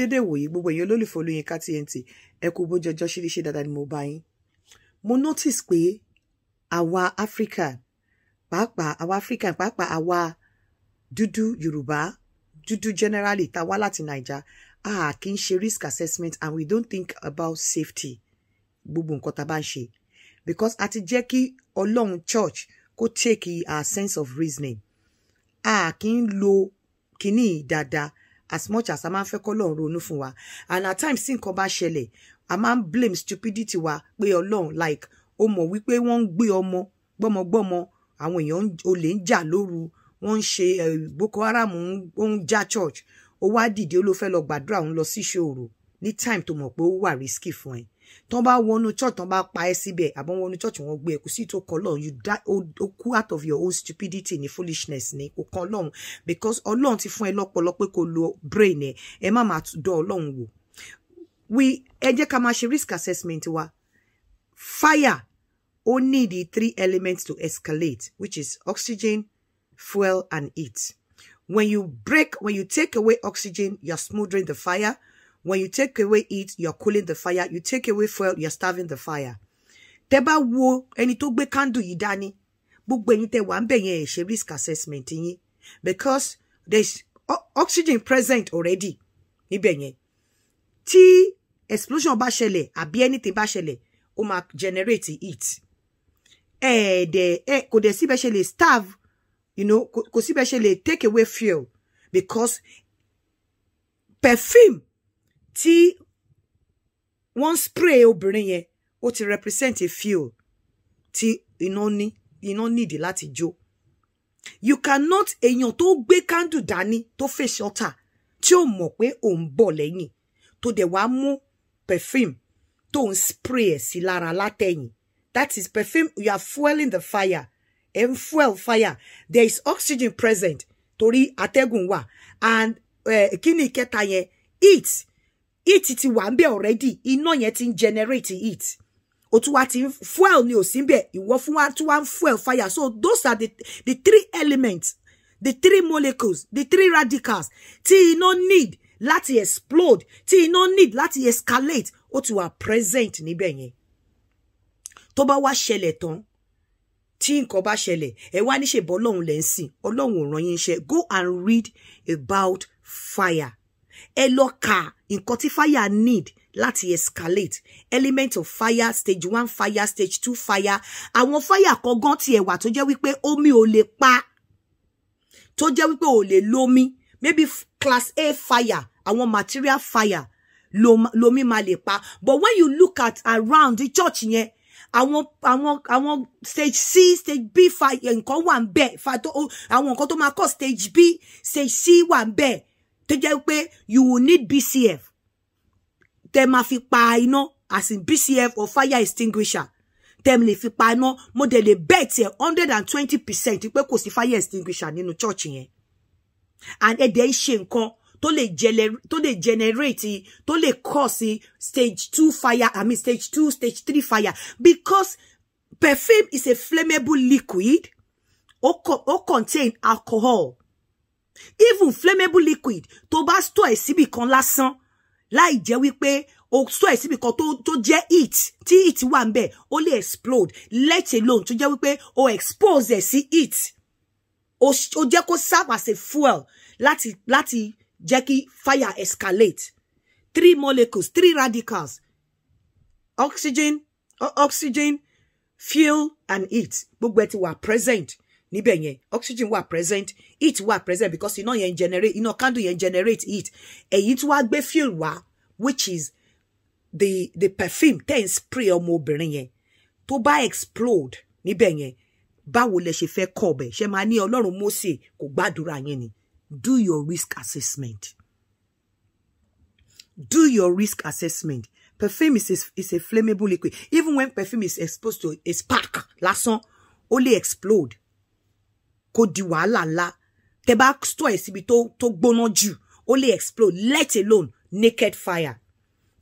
dédé wòye gbogbo èyí olólùfẹ́ Olóyinka TNT ẹ kú bójú ọjọ́ ṣíríṣe dáadáa ni mo bá yín mo notice pé àwa African pàápàá àwa African pàápàá àwa dúdú Yorùbá dúdú generally ta wá láti Naija a kì í ṣe risk assessment and we don't think about safety gbogbo nǹkan tá a bá ń ṣe because a ti jẹ́ kí Ọlọ́run church kó take our sense of reasoning a kì í lo kínní dáadáa as much as a man ń fẹ́ kọ́ lọ́run wa and at times tí nǹkan bá a man ń blame stupidity wa pé alone, like Omo, mọ̀ wípé wọ́n Omo, bomo bomo, gbọ́mọgbọ́mọ yon èèyàn olè ń jà lóru wọ́n ń eh, Boko Haram ó ń church ó wá dìde ó ló fẹ́ lọ gbàdúrà òun lọ sí ìṣòro ní time to mo pé ó risky fun tọ́n bá wọnú church tọ́n bá pa ẹ́ síbẹ̀ àbọ̀ wọnú church wọ́n gbé ẹ sí tó kọ́ lọ́run you die ó kú out of your own stupidity ní foolishness ni kò kan lọ́run because ọlọ́run ti fún ẹ lọ́pọlọ pé kò lo brain ẹ ẹ má máa dán ọlọ́run wò we ẹ jẹ́ ká máa ṣe risk assessment wa fire ó ní the three elements to escalate which is oxygen fuel and heat when you break when you take away oxygen you're smothering the fire when you take away it you're cooling the fire you take away fuel you're starving the fire Teba wo eni tó gbé candle yìí dání gbogbo ẹ̀yin tẹ́ wà ńbẹ̀ yẹn ẹ risk assessment yín because there's oxygen present already Ni benye. tí explosion ba shele àbí anything ba shele ó máa generate it. Eh dẹ̀ eh kò dẹ̀ síbẹ̀ ṣe lè starve you know kò síbẹ̀ ṣe lè take away fuel because perfume tí wọ́n spray obìnrin yẹn ó ti represent a fuel tí iná ní iná nídìí láti jó you cannot èèyàn tó gbé kándù dání tó fèsì ọ̀tà tí ó mọ̀ pé òun bọ̀ lẹ́yìn tó dẹ̀ wá mú perfume tó ń spray ẹ̀ sí lára látẹ̀yìn that is perfume you are fueling the fire And fuel fire there is oxygen present torí atẹ́gùn wà and uh, kí ni ìkẹta yẹn heat heat ti wà ńbẹ̀ already iná yẹn ti ń generate heat ó tún wá ti fuel ni ó sì ńbẹ̀ ìwọ fún wa tún wá fuel fire so those are the the three elements the three molecules the three radicals Ti iná need láti explode Ti iná need láti escalate ó ti wà present níbẹ̀ yẹn tó bá wá ṣẹlẹ̀ tán tí nǹkan bá ṣẹlẹ̀ ẹ wá níṣe bọ́ ọlọ́run lẹ́ ọlọ́run ò rán yín iṣẹ́ go and read about fire ẹ lọ kà nǹkan tí fire need láti escalate element of fire stage one fire stage two fire àwọn fire kọ̀ọ̀kan tiẹ̀ wà tó jẹ́ wípé omi ò lè pa tó jẹ́ wípé ò lè lómi maybe class A fire àwọn material fire lomi máa lè pa but when you look at around the church yẹn àwọn àwọn àwọn stage C stage B fire nǹkan wà ń bẹ àwọn nǹkan tó máa kọ stage B stage C wà ń tó jẹ́ pé you will need BCF tẹ́ máa fi pa iná as in BCF or fire extinguisher tẹ́m lè fi pa iná mo dẹ̀ lè bẹ́ẹ̀ tiẹ̀ hundred and twenty percent pé kò sí fire extinguisher nínú chọ́ọ̀chì yẹn and ẹ̀dẹ̀ ń ṣe nǹkan tó lè tó lè generate tó lè cause stage two fire I mean stage two stage three fire because perfume is a flammable liquid ó contain alcohol even flammable liquid to bá store ẹ̀ síbì kan lásán láì jẹ́ wípé o store ẹ̀ síbì kan tó tó jẹ́ heat tí heat wà ń bẹ̀ ó explode let alone to jẹ́ wípé o expose ẹ̀ sí heat o, o jẹ́ kó serve as a fuel láti láti jẹ́ kí fire escalate three molecules three radicals oxygen oxygen fuel and heat gbogbo ẹ̀ ti wa present níbẹ̀ yẹn oxygen wà present heat wà present because iná yẹn generate iná candle yẹn generate heat èyí tí wàá gbé fuel wá which is the the perfume ten spray ọmọ obìnrin yẹn tó bá explode níbẹ̀ yẹn báwo lẹ ṣe fẹ́ kọ̀ bẹ̀ ṣe máa ní ọlọ́run Mósè kò gbàdúrà yẹn ni do your risk assessment do your risk assessment perfume is a, is a flammable liquid even when perfume is exposed to a spark lásán ó lè explode kó di wàhálà ńlá tẹ bá store ẹ̀ síbi tó tó gbóná jù ó lè explode let alone naked fire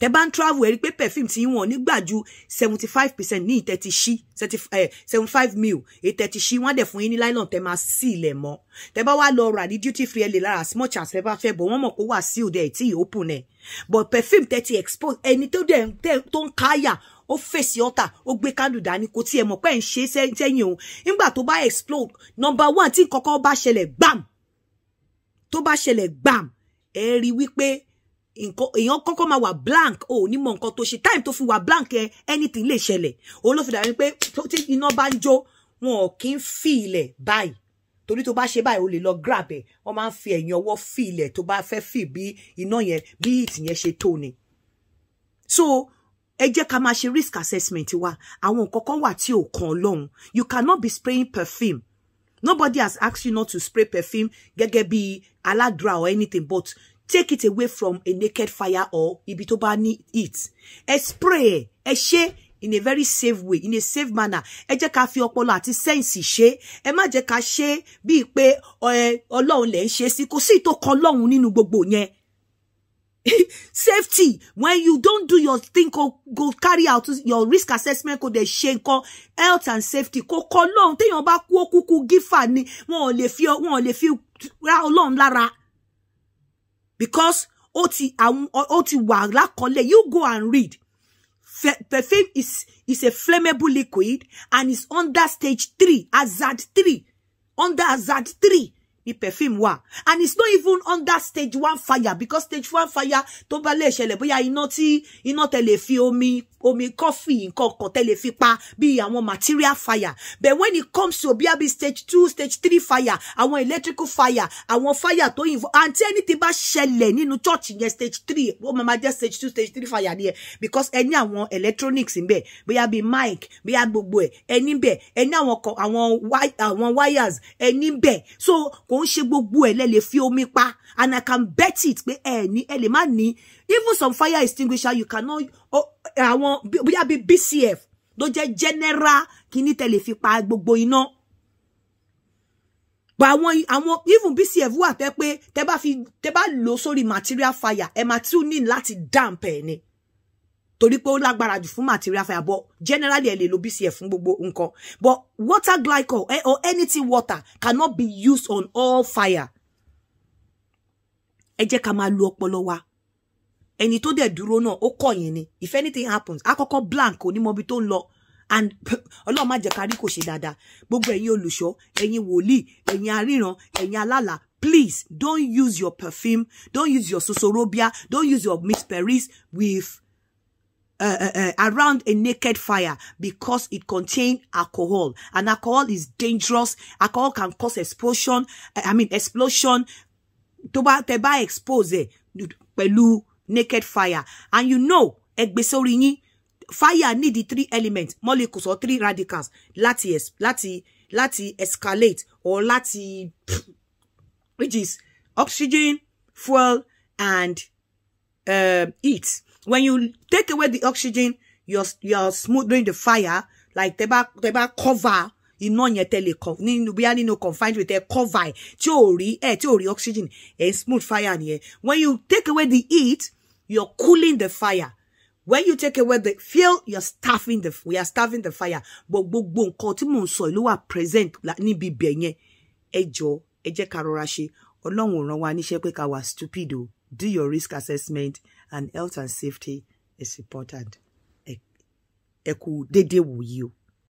tẹ bá ń travel ẹ rí pé perfume ti wọn nígbà ju seventy five percent ní ìtẹ́tí sí seventy eh, five mil ìtẹ́tí sí wọ́n dẹ̀ fún yín ní nylon tẹ máa sí ilẹ̀ mọ́ tẹ bá wá lọ rà ní duty free ẹ lè lára as much as ẹ bá fẹ́ bọ̀ wọ́n mọ̀ kó wà sí òde ẹ̀ tí ì open ẹ̀ but perfume tẹ́tí expose ẹni tó dẹ̀ tó ń káyà ó fèsì ọ̀tà ó gbé kánù dání kò tiẹ̀ mọ̀ pé ń ṣe sẹ́yìn òun nígbà tó bá explode number one tí kọ́kọ́ bá ṣẹlẹ̀ gbàm tó bá ṣẹlẹ̀ gbàm ẹ rí wípé èèyàn kọ́kọ́ máa wà blank ò ní mọ̀ nǹkan tó ṣe time tó fi wà blank ẹ anything lè ṣẹlẹ̀ òun ló fi dàbí pé tí iná bá ń jó wọn ò kí ń fi ilẹ̀ báyìí torí tó bá ṣe báyìí o lè lọ grab ẹ wọn máa ń fi ẹ̀yìn ọwọ́ fi ilẹ̀ tó bá fẹ́ fi bí iná yẹn bí ìtì ṣe tó ni so ẹ jẹ́ ká máa ṣe risk assessment wa àwọn nǹkan kan wà tí ò kan ọlọ́run you cannot be spraying perfume nobody has asked you not to spray perfume gẹ́gẹ́ bí aládùra or anything but take it away from a naked fire or ibi tó bá ní it ẹ spray ẹ ṣe in a very safe way in a safe manner ẹ jẹ́ ká fi ọpọlọ àti sẹ́ǹsì ṣe ẹ má jẹ́ ká ṣe bíi pé ọlọ́run lẹ̀ ń ṣe sí kò sí ìtòkan ọlọ́run nínú gbogbo yẹn safety when you don do your thing ko go carry out your risk assessment kó dẹ̀ ṣe nǹkan health and safety kó kọ́ lóhun téèyàn bá kú ó kúkú gífà ni wọn ò lè fi wọn ò lè fi ra ọlọ́run lára because ó ti àwọn ó ti wà lákọọ́lẹ̀ you go and read perfume is is a flammable liquid and is under stage three hazard three under hazard three ni perfume wa, and it's not even under stage one fire because stage one fire tó bá lè ṣẹlẹ̀ bóyá iná tí iná tẹ lè fi omi omi coffee nǹkan kan tẹ lè fi pa bí àwọn material fire but when it comes to bí àbí stage two stage three fire àwọn electrical fire àwọn fire to invo. àǹtí ẹni tí bá ṣẹlẹ̀ nínú church yẹn stage three ó mama, ma stage two stage three fire there ẹ because ẹni àwọn electronics ń bẹ bóyá bí mic bóyá gbogbo ẹ ẹni ń bẹ ẹni àwọn àwọn wires ẹni ń bẹ so kò ṣe gbogbo ẹ̀ lẹ́ lè fi omi pa and i can bet it pé ẹ ní ẹ lè má ní even some fire extinguisher you cannot àwọn bóyá bíi bcf ló jẹ́ general kíní tẹ́ lè fi pa gbogbo iná but àwọn àwọn even bcf wà tẹ́ pé tẹ́ bá fi tẹ́ bá lò sórí material fire ẹ máa tún ní láti damp ni torí pé ó lágbára jù fún material fire but generally ẹ lè lo bcf fún gbogbo nǹkan but water glycol eh, or anything water cannot be used on all fire ẹ jẹ́ ká máa lo ọpọlọ wa ẹni tó dẹ̀ dúró náà ó kọ̀ yẹn ni if anything happens akọ́kọ́ blank onímọ̀bi tó ń lọ and ọlọ́run má jẹ́ ká rí kò ṣe dáadáa gbogbo ẹ̀yin olùṣọ́ ẹ̀yin wòlíì ẹ̀yin aríran ẹ̀yin alálà please don't use your perfume don't use your sosorobia don't use your misperis with Uh, uh, uh, around a naked fire because it contained alcohol. And alcohol is dangerous. Alcohol can cause explosion. Uh, I mean, explosion. Tó bá tẹ́ bá expose pẹ̀lú naked fire. And you know, ẹgbẹ́sẹ̀ orí yín, fire need the three elements, molecules or three radicals láti láti láti escalate or láti which is oxygen, fuel and uh, heat. when you take away the oxygen you're you're smothering the fire like tẹ́ bá tẹ́ bá cover You know tẹ́ lè kọ nínú bóyá no confined with ẹ cover ẹ eh? ò oxygen ẹ eh, smooth fire nìyẹn eh. when you take away the heat you're cooling the fire when you take away the fuel you're starving the we are starving the fire but gbogbo nǹkan tí mò ń sọ ló present like ni bi ẹ jọ ẹ jẹ́ ká rọra ṣe ọlọ́run ò rán wa stupido. do your risk assessment and health and safety is important. Eku kú déédéé wòyí o.